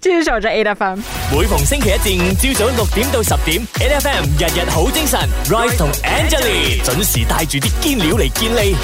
接受在 A F M，每逢星期一至五朝早六點到十點，A F M 日日好精神，Rice 同 Angelie 準時帶住啲堅料嚟健力。